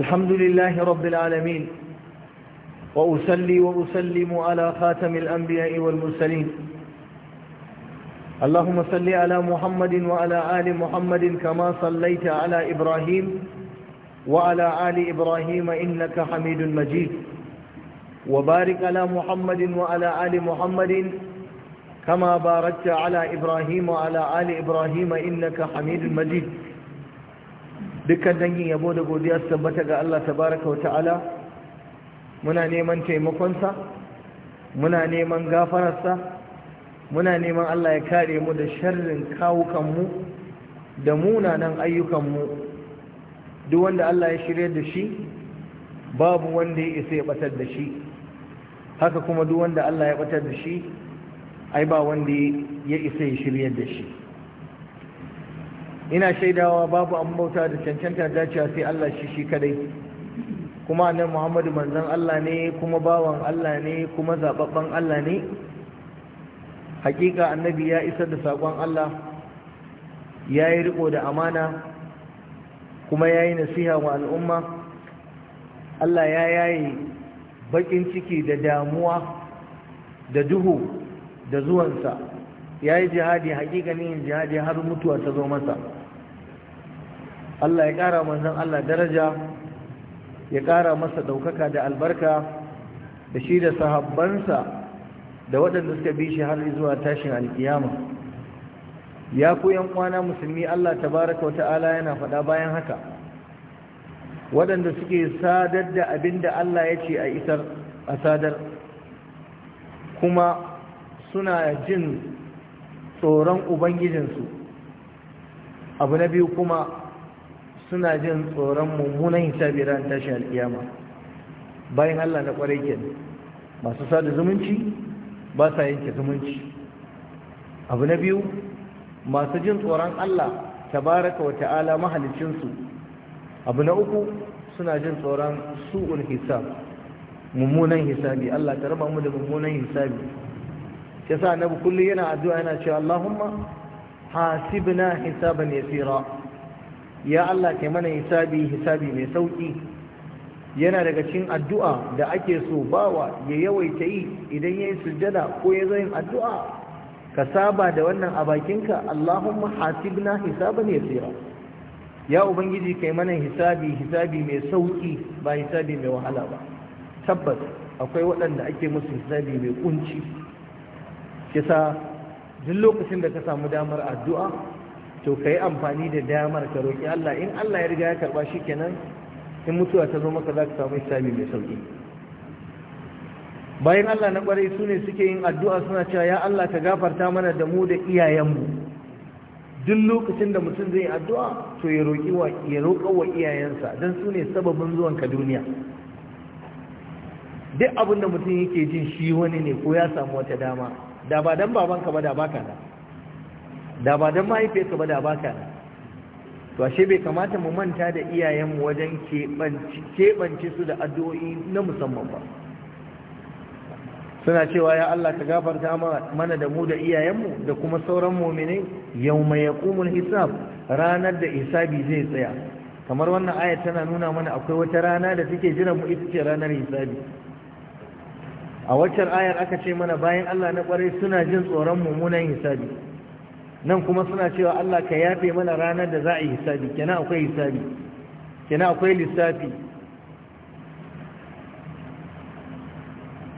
الحمد لله رب العالمين وأسلي وأسلم على خاتم الأنبياء والمرسلين اللهم صل على محمد وعلى آل محمد كما صليت على إبراهيم وعلى آل إبراهيم إنك حميد مجيد وبارك على محمد وعلى آل محمد كما باركت على إبراهيم وعلى آل إبراهيم إنك حميد مجيد dukkan dangin yabo da godiya su tabbata ga Allah tabaraka wa ta'ala muna neman taimakonsa muna neman gafararsa muna neman Allah ya kare mu da sharrin kawukanmu da munanan ayyukanmu duk wanda Allah ya shirya da shi babu wanda ya isa ya batar da shi haka kuma duk wanda Allah ya batar da shi ai ba wanda ya isa ya shirya da shi ina shaidawa babu an bauta da cancanta dacewa sai Allah shi shi kadai kuma annabi Muhammadu manzon Allah ne kuma bawan Allah ne kuma zababban Allah ne hakika annabi ya isar da sakon Allah ya yi riko da amana kuma ya yi nasiha wa al'umma Allah ya yayi bakin ciki da damuwa da duhu da zuwansa ya yi jihadi hakikanin jihadi har mutuwa ta zo masa Allah ya ƙara manzan Allah daraja ya ƙara masa ɗaukaka da albarka da shi da sahabbansa da waɗanda suka bi shi har zuwa tashin alkiyama ya ku yan kwana musulmi Allah tabaraka wa ta'ala yana faɗa bayan haka waɗanda suke sadar da abin da Allah ya ce a isar a sadar kuma suna jin tsoron ubangijinsu abu na biyu kuma suna jin tsoron mummunan hisabi ran tashin alkiyama bayan Allah na kwarai ke masu sada zumunci ba sa yanke zumunci abu na biyu masu jin tsoron Allah tabaraka wa ta'ala mahalicinsu abu na uku suna jin tsoron su'ul hisab mummunan hisabi Allah ta raba mu da mummunan hisabi sa annabi bukulli yana addu'a yana cewa Allahumma hasibna hisaban yasira ya Allah kai mana hisabi hisabi mai sauki yana daga cikin addu'a da ake so bawa ya yawaita yi idan yayi sujjada ko ya zo yin addu'a ka saba da wannan a bakinka Allahumma hasibna hisaban yasira ya ubangiji kai mana hisabi hisabi mai sauki ba hisabi mai wahala ba tabbas akwai waɗanda ake musu hisabi mai kunci kisa duk lokacin da ka samu damar addu'a to ka yi amfani da damar ka roƙi Allah in Allah ya riga ya karɓa shi kenan in mutuwa ta zo maka za ka samu hisabi mai sauƙi bayan Allah na ƙwarai su ne suke yin addu'a suna cewa ya Allah ka gafarta mana da mu da iyayenmu duk lokacin da mutum zai yi addu'a to ya roƙi wa ya roƙa wa iyayensa dan su ne sababin zuwan ka duniya duk abin mutum yake jin shi wani ne ko ya samu wata dama da ba dan babanka ba da baka da da ba don mahaifiyarka ba da baka to ashe bai kamata mu manta da iyayenmu wajen keɓance su da addu'o'i na musamman ba suna cewa ya Allah ka gafarta mana da mu da iyayenmu da kuma sauran muminai ya ƙumul hisab ranar da hisabi zai tsaya kamar wannan ayat tana nuna mana akwai wata rana da take jiran mu ita ce ranar hisabi a waccan ayar aka ce mana bayan Allah na ƙwarai suna jin tsoron mummunan hisabi nan kuma suna cewa Allah ka yafe mana ranar da za a yi hisabi kenan akwai hisabi kenan akwai lissafi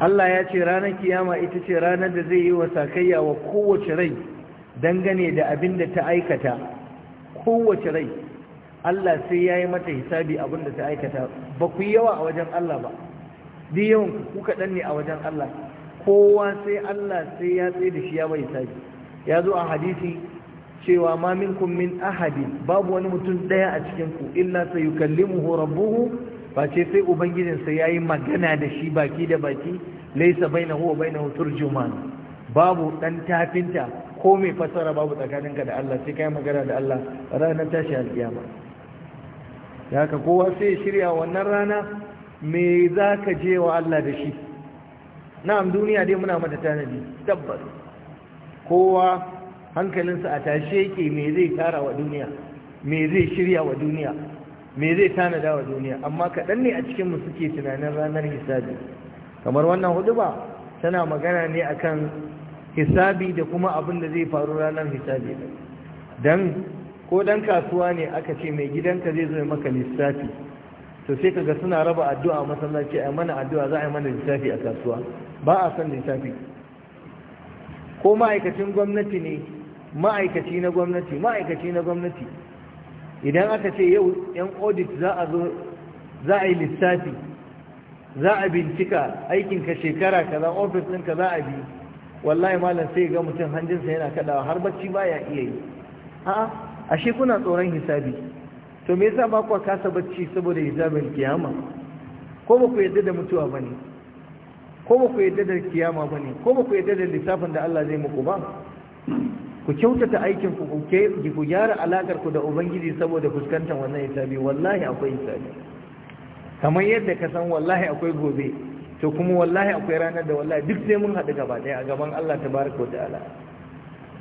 Allah ya ce ranar kiyama ita ce ranar da zai yi wa sakayya wa kowace rai dangane da abin da ta aikata kowace rai Allah sai ya yi mata hisabi abin da ta aikata ba ku yi yawa a wajen Allah ba duk yawan ku kaɗan ne a wajen Allah kowa sai Allah sai ya tsaye da shi ya bai hisabi ya zo a hadisi cewa ma minkum min ahadi, babu wani mutum daya a cikin ku illa sayukallimuhu rabbuhu ba ce sai sa yayi magana da shi baki da baki laysa bainahu wa bainahu turjuman babu dan tafinta ko mai fasara babu tsakaninka da Allah sai kai magana da Allah ranar tashi alkiyama haka kowa sai shirya wannan rana me zaka je wa Allah da shi na'am duniya dai muna mata tanadi tabbas kowa hankalinsa a tashe yake me zai tara wa duniya me zai shirya wa duniya me zai tanada wa duniya amma kaɗan ne a cikin mu suke tunanin ranar hisabi kamar wannan huduba tana magana ne akan hisabi da kuma abin da zai faru ranar hisabi Dan, ko dan kasuwa ne aka ce mai gidanka zai zo maka lissafi to sai kaga suna raba addu'a masallaci a mana addu'a za a yi mana lissafi a kasuwa ba a san lissafi ko ma'aikacin gwamnati ne ma'aikaci na gwamnati ma'aikaci na gwamnati idan aka ce yau yan audit za a zo za a yi lissafi za a bincika aikinka shekara kaza ofis ɗinka za a bi wallahi malam sai ga mutum hanjinsa yana kaɗawa har bacci baya iya yi a'a ashe kuna tsoron hisabi to me yasa ba ku kasa bacci saboda hisabin kiyama ko ba ku yadda da mutuwa ba ne. ko ba ku yadda da kiyama ba ne ko ba ku yadda da lissafin da Allah zai muku ba ku kyautata aikin ku ku gyara alakar ku da ubangiji saboda fuskantar wannan hisabi wallahi akwai hisabi kamar yadda ka san wallahi akwai gobe to kuma wallahi akwai ranar da wallahi duk sai mun haɗu gaba ɗaya a gaban Allah tabaraka wa ta'ala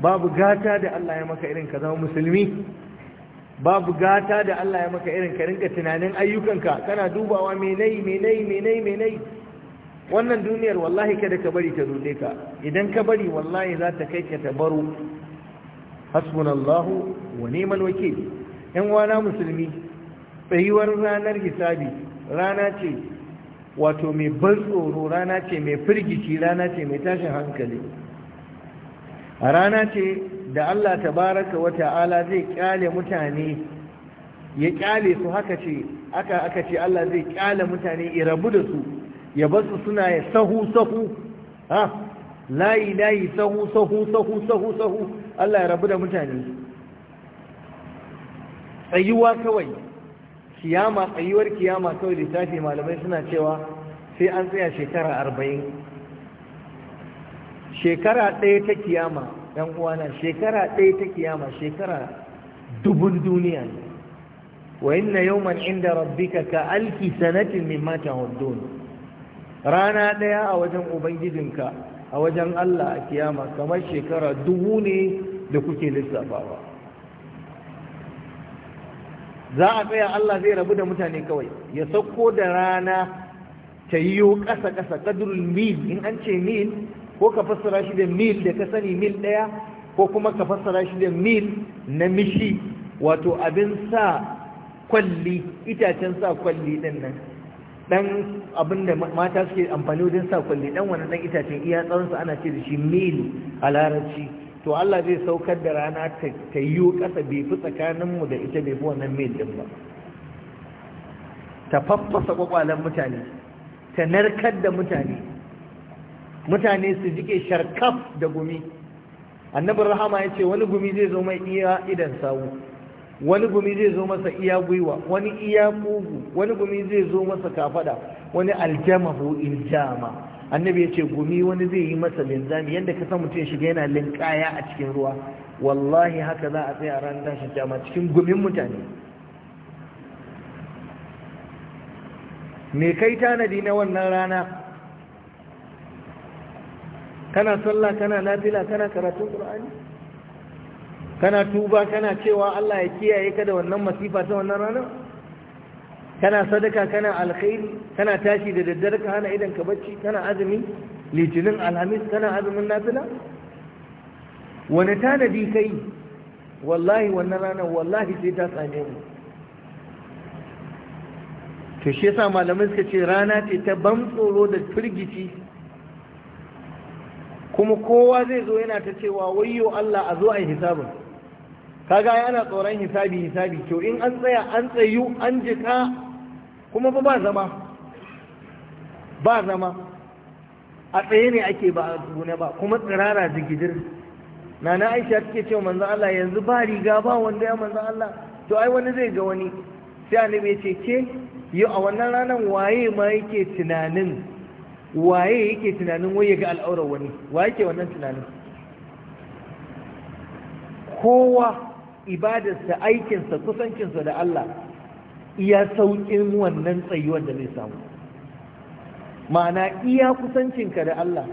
babu gata da Allah ya maka irin ka zama musulmi babu gata da Allah ya maka irin ka rinka tunanin ayyukanka kana dubawa menai-menai-menai-menai? wannan duniyar wallahi kada ka bari ta dole ka idan ka bari wallahi za ta kai ka ta baro hasbunallahu wa ni'mal wakil yan wana musulmi tsayuwar ranar hisabi rana ce wato mai ban tsoro rana ce mai firgici rana ce mai tashin hankali rana ce da Allah tabaraka wa ta'ala zai kyale mutane ya kyale su haka ce aka aka ce Allah zai kyale mutane ya rabu da su ya basu suna ya sahu sahu ha layi layi sahu sahu sahu sahu sahu Allah ya rabu da mutane tsayuwa kawai kiyama tsayuwar kiyama kawai littafi malamai suna cewa sai an tsaya shekara arba'in shekara ɗaya ta kiyama ɗan uwana shekara ɗaya ta kiyama shekara dubun duniya ne wa inna yawman inda rabbika ka alfi sanatin mimma ta'udun rana ɗaya a wajen ubangijinka a wajen Allah a kiyama kamar shekara dubu ne da kuke lissafawa za a tsaya Allah zai rabu da mutane kawai ya sauko da rana ta yiwu ƙasa-ƙasa ƙadurul mil in an ce mil ko ka fassara shi da mil da ka sani mil ɗaya ko kuma ka fassara shi da mil na mishi wato abin sa kwalli itacen sa kwalli ɗin nan dan abin da mata suke amfani wajen sa kulli dan wannan dan itacen iya sa ana ce da shi mil a larabci to Allah zai saukar da rana ta yiwu ƙasa bai fi tsakaninmu da ita bai fi wannan mil din ba ta faffasa kwakwalen mutane ta narkar da mutane mutane su jike sharkaf da gumi Annabi rahama ya ce wani gumi zai zo mai iya idan sawu wani gumi zai zo masa iya gwiwa wani iya kugu wani gumi zai zo masa kafada wani aljama ko iljama annabi ya ce gumi wani zai yi masa linzami yadda ka san mutum shiga yana linkaya a cikin ruwa wallahi haka za a tsaya a ranar tashin jama cikin gumin mutane me kai tanadi na wannan rana kana sallah kana nafila kana karatun qur'ani kana tuba kana cewa Allah ya kiyaye ka da wannan masifa ta wannan rana kana sadaka kana alkhairi kana tashi da daddare ka hana idan ka bacci kana azumi litinin alhamis kana azumin nafila wani tanadi kai wallahi wannan rana wallahi sai ta same mu to shi yasa malamai suka ce rana ce ta ban tsoro da firgici kuma kowa zai zo yana ta cewa wayyo Allah a zo a yi hisabin kaga yana tsoron hisabi hisabi to in an tsaya an tsayu an jika kuma ba ba zama ba zama a tsaye ne ake ba a tsugune ba kuma tsirara jigidir. na na aisha take cewa manzo Allah yanzu ba riga ba wanda ya manzo Allah to ai wani zai ga wani sai annabi ya ce ke yau a wannan ranar waye ma yake tunanin waye yake tunanin wai ya ga al'aurar wani waye ke wannan tunanin kowa ibadarsa aikinsa kusancinsa da Allah iya sauƙin wannan tsayuwar da zai samu ma'ana iya kusancinka da Allah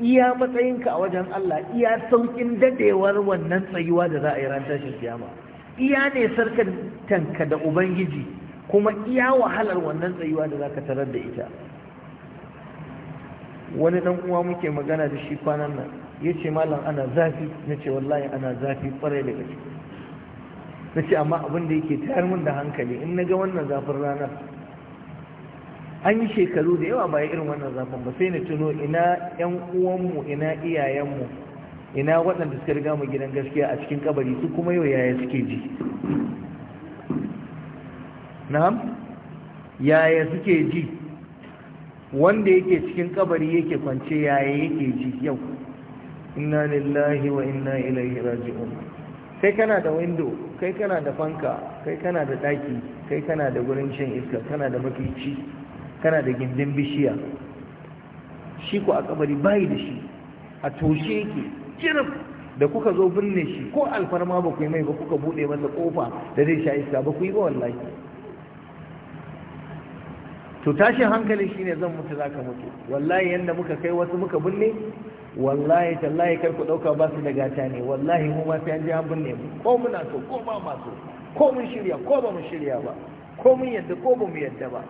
iya matsayinka a wajen Allah iya sauƙin dadewar wannan tsayuwa da za a yi ran tashin kiyama iya ne tanka da ubangiji kuma iya wahalar wannan tsayuwa da za ka tarar da ita wani dan uwa muke magana da shi kwanan nan ya ce malam ana zafi na ce wallahi ana zafi kwarai da gaske na ce amma abin da yake tayar mun da hankali in na ga wannan zafin ranar an yi shekaru da yawa ba irin wannan zafin ba sai na tuno ina yan uwanmu ina iyayenmu ina waɗanda suka riga mu gidan gaskiya a cikin kabari su kuma yau yaya suke ji na'am yaya suke ji wanda yake cikin kabari yake kwance yaya yake ji yau inna lillahi wa inna ilaihi raji'un sai kana da window kai kana da fanka kai kana da ɗaki kai kana da gurin shan iska kana da mafici kana da gindin bishiya shi ku a kabari bayi da shi a toshe yake jirif da kuka zo binne shi ko alfarma ba ku yi mai ba kuka buɗe masa ƙofa da zai sha iska ba ku yi ba wallahi to tashin hankali shine zan mutu zaka mutu wallahi yanda muka kai wasu muka binne wallahi tallahi kar ku dauka ba su da gata ne wallahi mu ma sai an ji an binne mu ko muna so ko ba ma so ko mun shirya ko ba mu shirya ba ko mun yadda ko ba mu yadda ba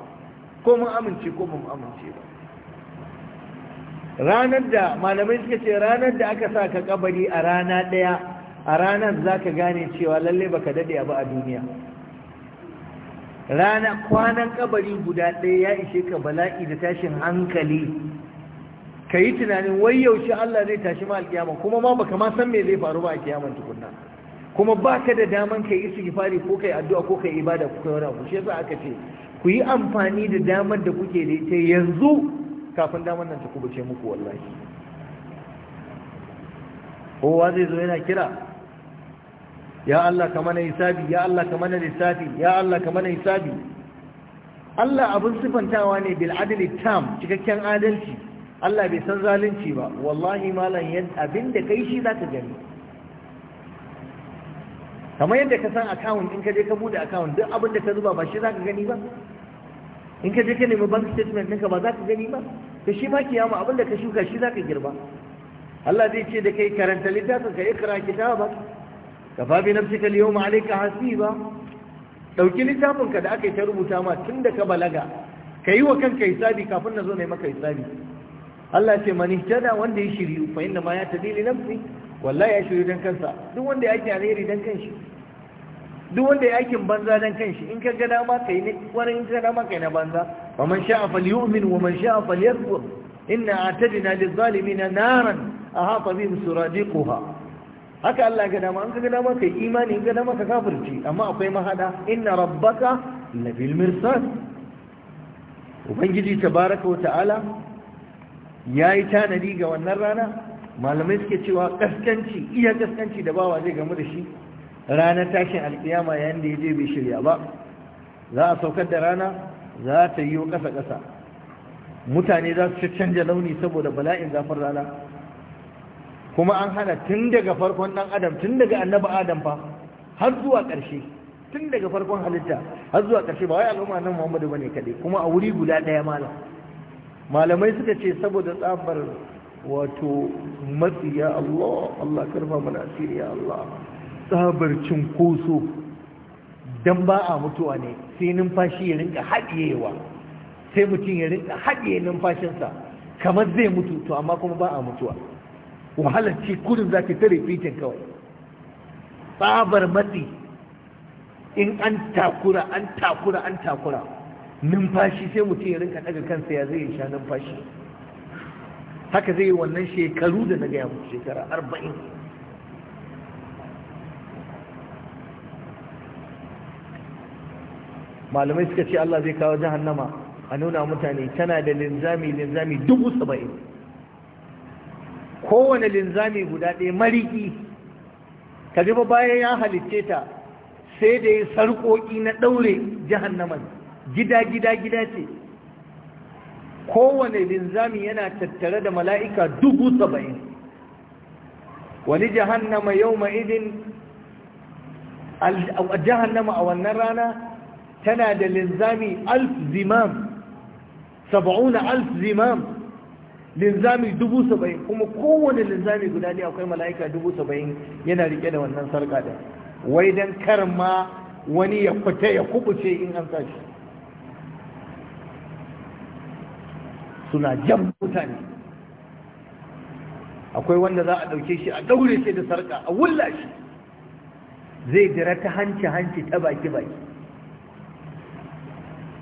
ko mun amince ko ba mu amince ba ranar da malamai suka ce ranar da aka sa ka kabari a rana ɗaya a ranar za ka gane cewa lalle ba ka daɗe abu a duniya rana kwanan kabari guda ɗaya ya ishe ka bala'i da tashin hankali ka yi tunanin wai yaushe Allah zai tashi ma alkiyama kuma ma baka ma san me zai faru ba a kiyaman tukunna kuma baka da daman kai istighfari ko kai addu'a ko kai ibada ko kai wani abu shi yasa aka ce ku yi amfani da damar da kuke da ita yanzu kafin damar nan ta kubuce muku wallahi kowa zai zo yana kira ya Allah ka mana hisabi ya Allah ka mana lissafi ya Allah ka mana hisabi Allah abin sifantawa ne bil adli tam cikakken adalci Allah bai san zalunci ba wallahi malam abin Abinda kai shi za ka gani kamar yadda ka san akawun in ka je ka bude akawun duk abinda ka zuba ba shi za ka gani ba in ka je ka nemi bank statement ɗinka ba za ka gani ba ka shi ma kiyama abin da ka shuka shi za ka girba Allah zai ce da kai karanta littafin ka ikra kitaba ka fa bi nafsika al-yawma alayka hasiba dauki littafin ka da aka yi ta rubuta ma tun da ka balaga ka yi wa kanka hisabi kafin na zo ne maka hisabi Allah ce man ihtada wanda ya shiryu fa inna ma yatadi li nafsi wallahi ya shiryu dan kansa duk wanda ya yake alheri dan kanshi duk wanda ya aikin banza dan kanshi in ka ga dama kai ne kwarin in ka dama kai na banza wa man sha'a falyu'min wa man sha'a falyakfur inna a'tadna liz-zalimina naran ahata bihim suradiquha haka Allah ga dama in ka ga dama kai imani in ka dama ka kafirci amma akwai mahada inna rabbaka labil mirsad ubangiji tabaraka wa ta'ala ya yi tanadi ga wannan rana malamai suke cewa kaskanci iya kaskanci da bawa zai gamu da shi ranar tashin alkiyama yayin da ya je bai shirya ba za a saukar da rana za ta yi kasa kasa mutane za su canja launi saboda bala'in zafin rana kuma an hana tun daga farkon dan adam tun daga annabi adam fa har zuwa ƙarshe tun daga farkon halitta har zuwa ƙarshe ba wai al'umma nan Muhammadu bane kaɗai kuma a wuri guda ɗaya malam malamai suka ce saboda tsabar wato matsi ya Allah Allah karfa mana asiri ya Allah tsabar cinkoso don ba a mutuwa ne sai numfashi ya rinka haɗiyewa sai mutum ya rinka haɗiye numfashinsa kamar zai mutu to amma kuma ba a mutuwa wahalar ce kudin za ta tare fitin kawai tsabar matsi in an takura an takura an takura numfashi sai mutum ya rinka daga kansa ya zai sha numfashi haka zai yi wannan shekaru da na gaya mu, shekara arba'in malamai suka ce Allah zai kawo jahannama a nuna mutane tana da linzami linzami dubu saba'in kowane linzami guda ɗaya mariki ka ba bayan ya halicce ta sai da ya sarƙoƙi na ɗaure jahannaman gida gida gida ce kowane linzami yana tattare da mala'ika dubu saba'in wani jahannama yau ma'idin jahannama a wannan rana tana da linzami alf zimam saba'una alf zimam linzami dubu saba'in kuma kowane linzami guda ne akwai mala'ika dubu saba'in yana rike da wannan sarƙa da wai don karma wani ya fita ya kubuce in an sashi suna jan mutane akwai wanda za a ɗauke shi a ɗaure shi da sarƙa a wulla shi zai jira ta hanci hanci ta baki baki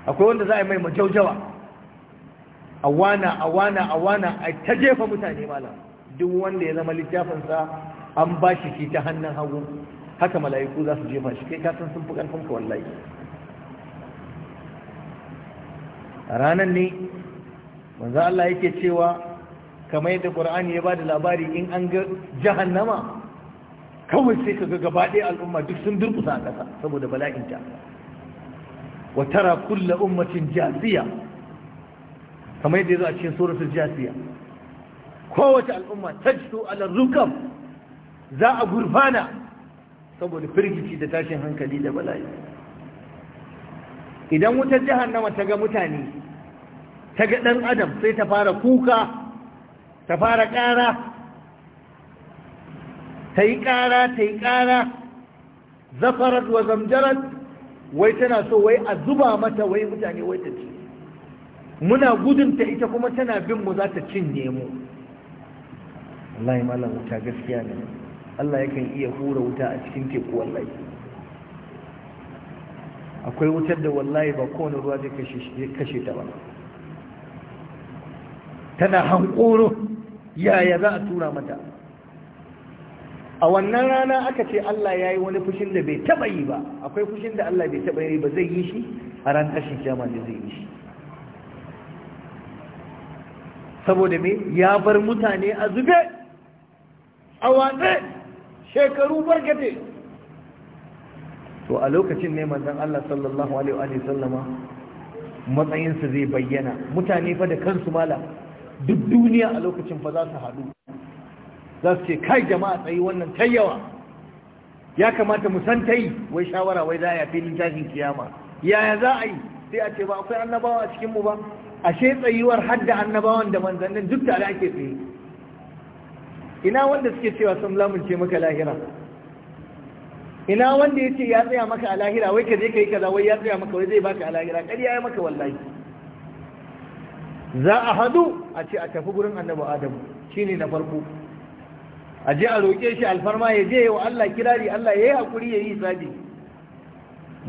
akwai wanda za a yi mai majaujawa a wana a wana a wana a ta jefa mutane malam duk wanda ya zama littafinsa an ba shi shi ta hannun hagu haka mala'iku za su jefa shi kai kasan sun fi ƙarfin ka wallahi ranan ne wanzu Allah yake cewa kamar yadda Qur'ani ya ba da labari in an ga jahannama kawai sai kaga gaba ɗaya al'umma duk sun durkusa a ƙasa saboda bala'in ta wa tara kulla ummatin jasiya kamar yadda ya zo a cikin suratul jasiya kowace al'umma so ala rukam za a gurfana saboda firgici da tashin hankali da bala'i idan wutar jahannama ta ga mutane ta ga ɗan adam sai ta fara kuka ta fara ƙara ta yi ƙara ta yi ƙara zafarat wa zamjarat wai tana so wai a zuba mata wai mutane wai ta ci muna gudunta ita kuma tana bin mu za ta cinye Allah wallahi mala wuta gaskiya ne Allah ya kan iya hura wuta a cikin teku wallahi akwai wutar da wallahi ba kowane ruwa zai kashe ta ba tana hankoro yaya za a tura mata a wannan rana aka ce Allah ya yi wani fushin da bai taɓa yi ba akwai fushin da Allah bai taɓa yi ba zai yi shi a ran tashin kyama da zai yi shi saboda me ya bar mutane a zube a watsa shekaru barkate to a lokacin ne manzon Allah sallallahu alaihi wa sallama matsayinsa zai bayyana mutane fa da kansu malam duk duniya a lokacin fa za su haɗu za su ce kai jama'a tsayi wannan ta yawa ya kamata mu san ta yi wai shawara wai za a yafi littafin kiyama yaya za a yi sai a ce ba akwai annabawa a cikinmu ba ashe tsayuwar hadda annabawan da manzannin duk tare ake tsaye ina wanda suke cewa sun lamunce maka lahira ina wanda ya ce ya tsaya maka a lahira wai ka je ka yi kaza wai ya tsaya maka wai zai baka a lahira ƙarya ya maka wallahi za a hadu a ce a tafi gurin annabi adamu shine na farko a je a roƙe shi alfarma ya je wa Allah kirari Allah ya yi haƙuri ya yi zabi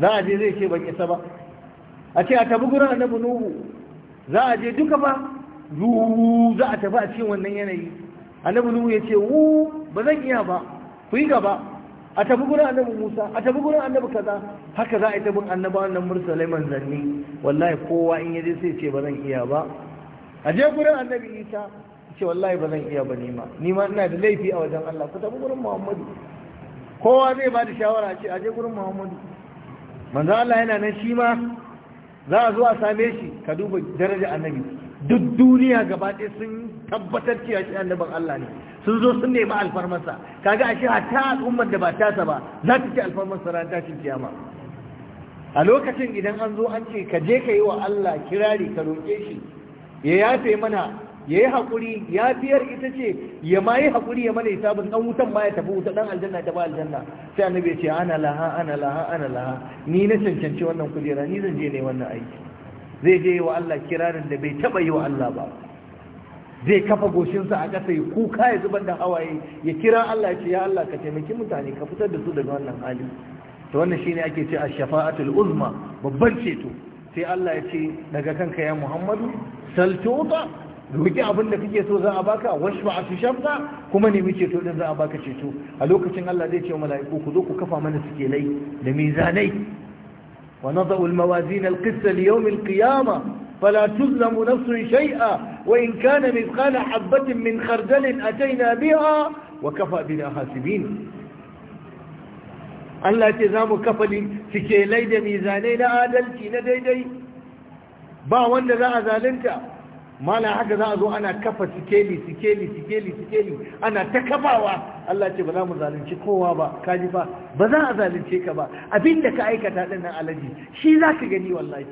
za a je zai ce ban isa ba a ce a tafi gurin annabi nuhu za a je duka ba ruru za a tafi a cikin wannan yanayi annabi nuhu ya ce wu ba zan iya ba ku yi gaba a tafi gurin annabi musa a tafi gurin annabi kaza haka za a yi tafi annabawan nan mursalai manzanni wallahi kowa in ya je sai ce ba zan iya ba a je gurin annabi isa ce wallahi ba zan iya ba nima nima ina da laifi a wajen Allah ku tafi gurin Muhammadu kowa zai ba da shawara ce a je gurin Muhammadu manzo Allah yana nan shi ma za a zo a same shi ka duba daraja annabi duk duniya gaba ɗaya sun tabbatar cewa shi annabin Allah ne sun zo sun nemi alfarmarsa kaga ashe ta al'ummar da ba tasa ba za ta ci alfarmarsa ran tashin kiyama a lokacin idan an zo an ce ka je ka yi wa Allah kirari ka roƙe shi ya yafe mana ya yi haƙuri yafiyar ita ce ya ma yi haƙuri ya mana isa ɗan wutan ma ya tafi wuta ɗan aljanna ta ba aljanna sai annabi ce ana laha ana laha ana laha ni na cancanci wannan kujera ni zan je ne wannan aiki zai je wa Allah kirarin da bai taɓa yi wa Allah ba zai kafa goshinsa a ƙasa ya kuka ya zubar da hawaye ya kira Allah ce ya Allah ka taimaki mutane ka fitar da su daga wannan hali to wannan shine ake ce a shafaatul uzma babban ceto sai Allah ya ce daga kanka ya Muhammadu saltuta duki abin da kake so za a baka washfa a tushabta kuma ne muke to din za a baka ceto a lokacin Allah zai ce wa mala'iku ku zo ku kafa mana lai da mizanai wa nadu al-mawazin al-qist li yawm al qiyama fala tuzlamu nafsun shay'a wa in kana mithqala habatin min khardalin atayna biha wa kafa bina hasibin Allah ce za mu kafali sikelai da mizanai na adalci na daidai ba wanda za a zalunta mala haka za a zo ana kafa sikeli sikeli sikeli sikeli ana ta kafawa Allah ce ba za mu zalunci kowa ba kaji ba ba za a zalunce ka ba abinda ka aikata din nan alaji shi za ka gani wallahi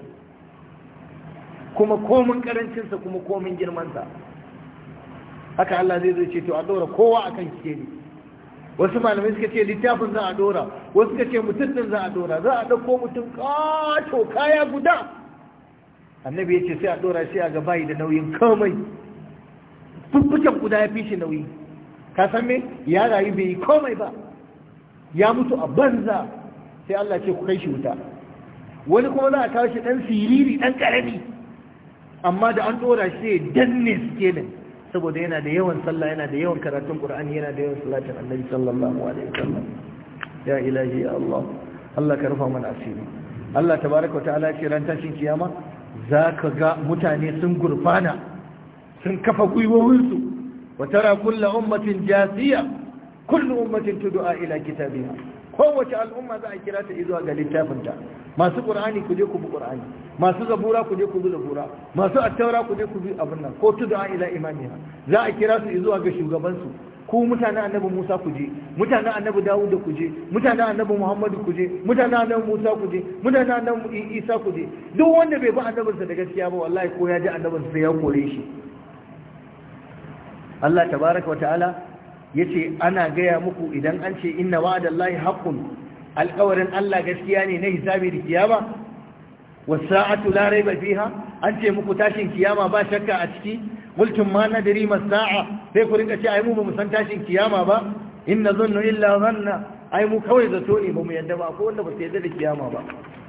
kuma komin karancinsa kuma komin girmansa haka Allah zai zai ce to a ɗora kowa akan sikeli wasu malamai suka ce littafin za a dora wasu suka ce mutum din za a dora za a ɗauko mutum kato kaya guda annabi ya ce sai a dora shi a gaba da nauyin komai fuffucen guda ya fi shi nauyi ka san me ya rayu bai yi komai ba ya mutu a banza sai Allah ce ku kai shi wuta wani kuma za a tashi shi ɗan siriri dan ƙarami amma da an dora shi danne kenan saboda yana da yawan sallah yana da yawan karatun qur'ani yana da yawan salatin annabi sallallahu alaihi wasallam ya ilahi ya allah allah ka rufa mana asiri allah tabaaraka ta'ala ce ran tashin kiyama zaka ga mutane sun gurfana sun kafa gwiwowinsu wa tara kullu ummatin jasiya kullu ummatin tud'a ila kitabiha kowace al'umma za a kira ta zuwa ga littafinta masu qur'ani ku je ku bi ƙur'ani, masu zabura ku je ku bi zabura masu attaura ku je ku bi abin nan ko an ila imaniya, za a kira su zuwa ga shugaban su ku mutanen annabi Musa ku je mutanen annabi Dawud ku je mutanen annabi Muhammad ku je mutanen annabi Musa ku je mutanen annabi Isa ku je duk wanda bai bi annabinsa da gaskiya ba wallahi ko ya ji annabinsa sai ya kore shi Allah tabaraka wa ta'ala yace ana gaya muku idan an ce inna wa'adallahi haqqun alkawarin Allah gaskiya ne na hisabi da kiyama wasa'atu la raiba fiha an ce muku tashin kiyama ba shakka a ciki mulkin ma nadri masa'a sai ku rinka ce ai mu bamu san tashin kiyama ba inna zonu illa zanna ai mu kawai zato ne bamu yadda ba ko wanda ba su yadda da kiyama ba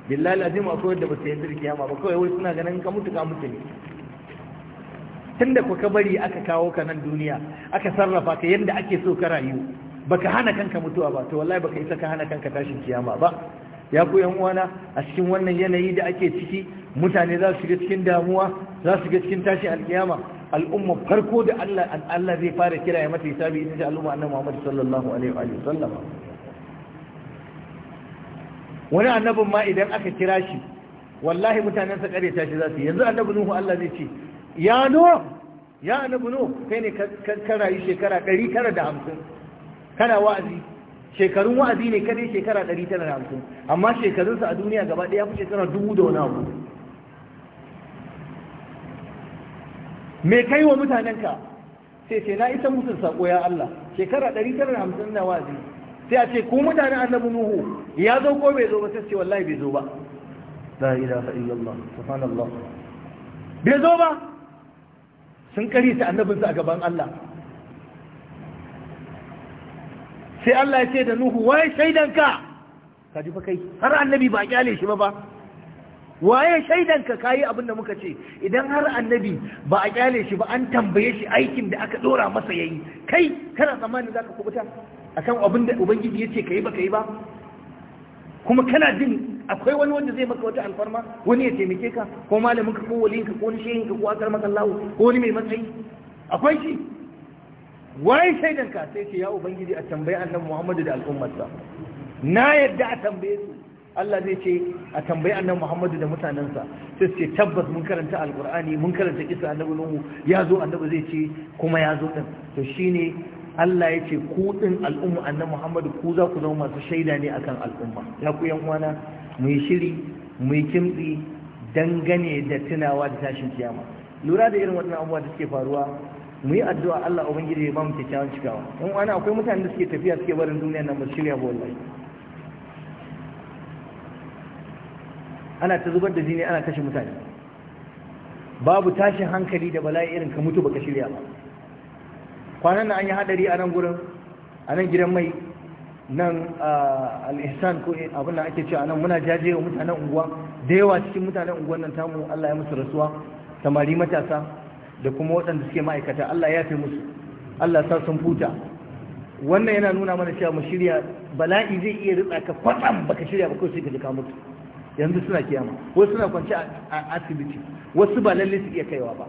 billahi azim akwai wanda ba su yadda da kiyama ba kawai wai suna ganin ka mutu ka mutu ne tunda ku ka bari aka kawo ka nan duniya aka sarrafa ka yadda ake so ka rayu baka hana kanka mutuwa ba to wallahi baka isa ka hana kanka tashin kiyama ba ya ku yan uwana a cikin wannan yanayi da ake ciki mutane za su shiga cikin damuwa za su shiga cikin tashin alkiyama al'umma farko da Allah Allah zai fara kira ya mata hisabi ita ce al'umma annabi Muhammad sallallahu alaihi wa sallam wani annabin ma idan aka kira shi wallahi mutanen sa kare tashi za su yanzu annabi Nuhu Allah zai ce ya no ya annabi Nuhu kai ne ka rayu shekara 150 kana wa'azi shekarun wa'azi ne kadai shekara 950 amma shekarunsa a duniya gaba ɗaya fi shekara dubu da wani abu me kai wa mutanenka sai ce na isa musu saƙo ya Allah shekara 950 na wa'azi sai a ce ku mutanen annabi nuhu ya zo ko bai zo ba sai ce wallahi bai zo ba la ilaha illallah subhanallah bai zo ba sun kare su annabinsu a gaban Allah sai Allah ya ce da Nuhu waye shaidanka ka ji fa kai har annabi ba kyale shi ba ba waye shaidanka kayi abin da muka ce idan har annabi ba a kyale shi ba an tambaye shi aikin da aka dora masa yayi kai kana tsammanin zaka kubuta akan abin da ubangiji yace kai ba kai ba kuma kana jin akwai wani wanda zai maka wata alfarma wani ya taimake ka ko malamin ka ko walinka ko shehin ka ko akar maka Allah ko wani mai matsayi akwai shi waye shaidan ka sai ce ya ubangiji a tambayi annan Muhammadu da al'ummarsa na yadda a tambaye su Allah zai ce a tambayi annan Muhammadu da mutanensa sai ce tabbas mun karanta Alkur'ani, mun karanta kisa annabi Nuhu ya zo annabi zai ce kuma ya zo din to shine Allah ya ce ku din al'umma annan Muhammadu ku za ku zama masu shaida ne akan al'umma ya ku yan uwana mu yi shiri mu yi kimtsi dangane da tunawa da tashin kiyama lura da irin waɗannan abubuwa da suke faruwa mu yi addu'a Allah ubangiji ya ba mu kyakkyawan cikawa in wani akwai mutane da suke tafiya suke barin duniya na ba shirya ba wallahi ana ta zubar da jini ana kashe mutane babu tashin hankali da bala'i irin ka mutu baka shirya ba kwanan nan an yi hadari a nan gurin a nan gidan mai nan ko eh, abin da ake cewa nan muna jaje wa mutanen unguwa da yawa cikin mutanen unguwan nan tamu Allah ya musu rasuwa samari matasa da kuma waɗanda suke ma'aikata Allah ya fi musu Allah sa sun futa. wannan yana nuna mana cewa mu shirya bala'i zai iya ritsa ka kwatsam baka shirya ba kawai sai ka jika mutu yanzu suna kiyama wasu suna kwance a asibiti wasu ba lalle su iya kaiwa ba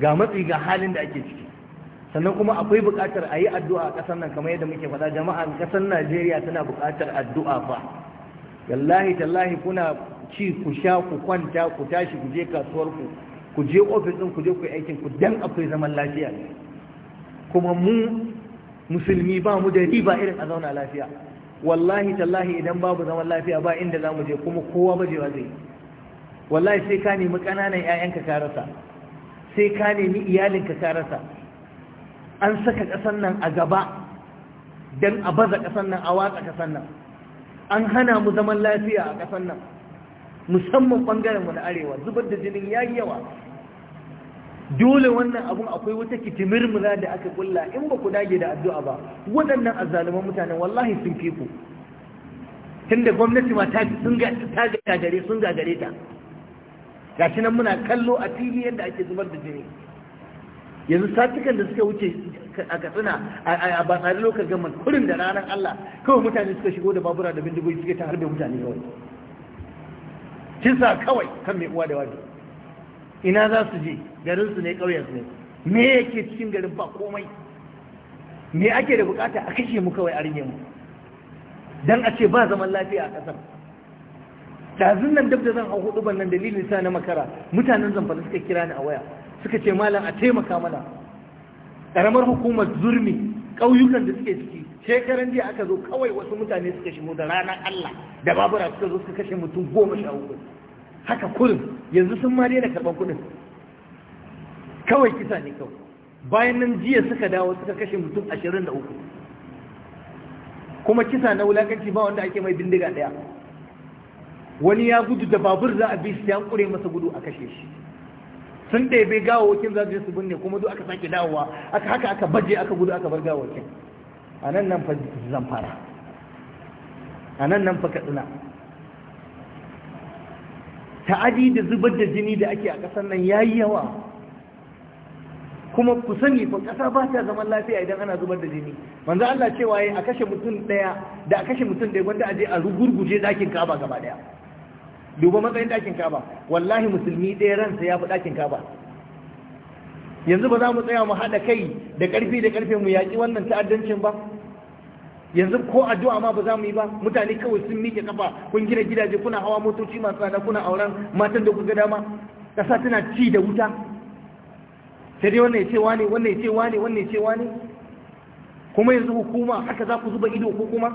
ga matsi ga halin da ake ciki sannan kuma akwai buƙatar a yi addu'a a ƙasar nan kamar yadda muke faɗa jama'a ƙasar Najeriya tana buƙatar addu'a fa wallahi tallahi kuna ci ku sha ku kwanta ku tashi ku je kasuwar ku ku je ofis ɗin ku je ku aikin ku dan akwai zaman lafiya kuma mu musulmi ba mu da riba irin a zauna lafiya wallahi tallahi idan babu zaman lafiya ba inda za mu je kuma kowa bajewa zai wallahi sai ka nemi ƙananan 'ya'yanka ka rasa sai ka nemi iyalinka ka rasa an saka ƙasar nan a gaba don a baza ƙasar nan a watsa ƙasar nan an hana mu zaman lafiya a ƙasar nan musamman ɓangaren mu na arewa zubar da jinin ya yi yawa dole wannan abun akwai wata kitimirmira da aka kulla in ba ku dage da addu'a ba waɗannan azzaluman mutane wallahi sun fi ku tunda gwamnati ma ta sun gagare sun gagare ta gashi nan muna kallo a TV yadda ake zubar da jini yanzu satukan da suka wuce a katsina a batsari lokacin gaman kurin da ranar Allah kawai mutane suka shigo da babura da bindigoyi suke ta harbe mutane kawai kisa kawai kan mai uwa da wajen ina za su je garinsu ne ƙauyensu ne me yake cikin garin ba komai me ake da bukata a kashe mu kawai a rige mu dan a ce ba zaman lafiya a ƙasar ɗazun nan dab da zan hau hudu bannan dalilin sa na makara mutanen zamfara suka kira ni a waya suka ce malam a taimaka mana ƙaramar hukumar zurmi ƙauyukan da suke ciki shekaran jiya aka zo kawai wasu mutane suka shigo da ranar allah da babura suka zo suka kashe mutum goma sha uku haka kurin yanzu sun ma daina karɓar kuɗin kawai kisa ne kawai bayan nan jiya suka dawo suka kashe mutum ashirin da uku kuma kisa na wulakanci ba wanda ake mai bindiga ɗaya wani ya gudu da babur za a bi su ya kure masa gudu a kashe shi sun ɗebe gawawakin za su binne kuma duk aka sake dawowa aka haka aka baje aka gudu aka bar gawawakin a nan nan fa zan fara. a nan nan fa katsina ta'adi da zubar da jini da ake a ƙasar nan ya yi yawa kuma ku sani fa ƙasa ba ta zaman lafiya idan ana zubar da jini manzo Allah cewa yayi a kashe mutum daya da a kashe mutum daya wanda aje a rugurguje dakin Ka'aba gaba daya duba matsayin dakin Ka'aba wallahi musulmi daya ransa ya fi dakin Ka'aba yanzu ba za mu tsaya mu haɗa kai da ƙarfi da ƙarfe mu yaƙi wannan ta'addancin ba yanzu ko addu'a ma ba za mu yi ba mutane kawai sun miƙe kafa kun gina gidaje kuna hawa motoci masu tsada kuna auren matan da kuka dama ƙasa tana ci da wuta sai dai wannan ya ce wane wannan ya ce wane wannan ya ce wane kuma yanzu hukuma haka za ku zuba ido ko kuma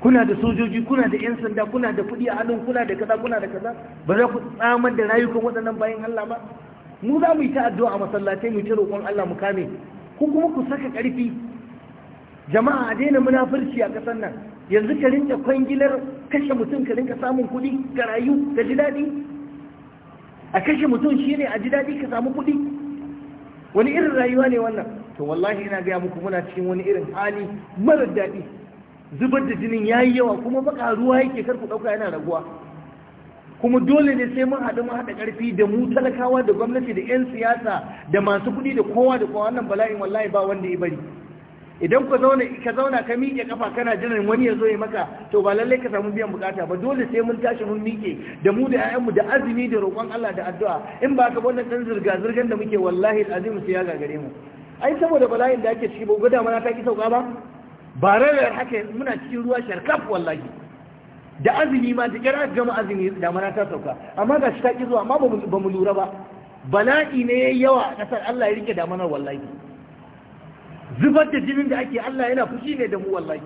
kuna da sojoji kuna da yan sanda kuna da kuɗi a hannun kuna da kaza kuna da kaza ba za ku tsamar da rayukan waɗannan bayan Allah ba mu za mu yi ta addu'a a masallatai mu ta roƙon Allah mu kame ku kuma ku saka ƙarfi jama'a a daina munafurci a ƙasar nan yanzu ka rinka kwangilar kashe mutum ka rinka samun kuɗi ka rayu ka ji daɗi a kashe mutum shi ne a ji daɗi ka samu kuɗi wani irin rayuwa ne wannan to wallahi ina gaya muku muna cikin wani irin hali mara daɗi zubar da jinin yi yawa kuma baka ruwa yake kar ku ɗauka yana raguwa kuma dole ne sai mun haɗu mun haɗa ƙarfi da mu talakawa da gwamnati da 'yan siyasa da masu kuɗi da kowa da kowa wannan bala'in wallahi ba wanda ya bari idan ka zauna ka zauna ka miƙe kafa kana jiran wani ya zo ya maka to ba lallai ka samu biyan bukata ba dole sai mun tashi mun miƙe da mu da ayyanmu da azumi da roƙon Allah da addu'a in ba ka wannan dan zirga zirgan da muke wallahi al'azim sai ya gagare mu ai saboda bala'in da ake ciki ba goda mana ta ki sauka ba ba rayuwar haka muna cikin ruwa sharkaf wallahi da azumi ma da kira gama azumi da mana ta sauka amma ga ta ki zuwa amma ba mu lura ba bala'i ne yayi yawa a ƙasar Allah ya rike da mana wallahi zubar da jinin da ake Allah yana fushi ne da mu wallahi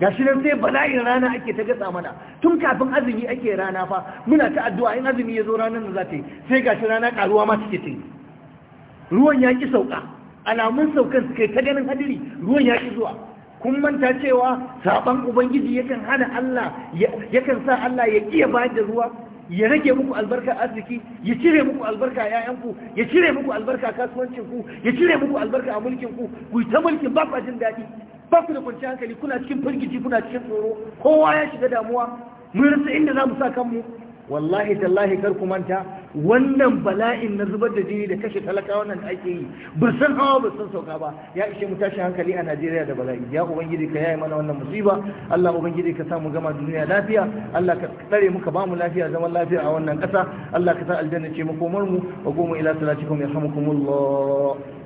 gashi nan sai bala'in rana ake ta gatsa mana tun kafin azumi ake rana fa muna ta addu'a in azumi ya zo ranar nan za ta yi sai gashi rana karuwa ma take ta yi ruwan ya ki sauka alamun saukan su kai ta ganin hadiri ruwan ya ki zuwa kun manta cewa saban ubangiji yakan hana Allah yakan sa Allah ya kiya bayar da ruwa ya rage muku albarka arziki ya cire muku albarka a yayanku ya cire muku albarka a kasuwancinku ya cire muku albarka a mulkin ku yi ta mulkin ba ku jin daɗi ba ku da kwanciyar hankali kuna cikin firgici kuna cikin tsoro kowa ya shiga damuwa mun rasa inda za mu sa kanmu wallahi tallahi kar ku manta wannan bala'in na zubar da jini da kashe talaka wannan da ake yi ba san hawa ba san sauka ba ya ishe mu tashi hankali a Najeriya da bala'i ya ubangiji ka yaye mana wannan musiba Allah ubangiji ka sa mu gama duniya lafiya Allah ka tsare ka ba mu lafiya zaman lafiya a wannan ƙasa Allah ka sa aljanna ce makomar mu wa qumu ila salatikum yarhamukumullah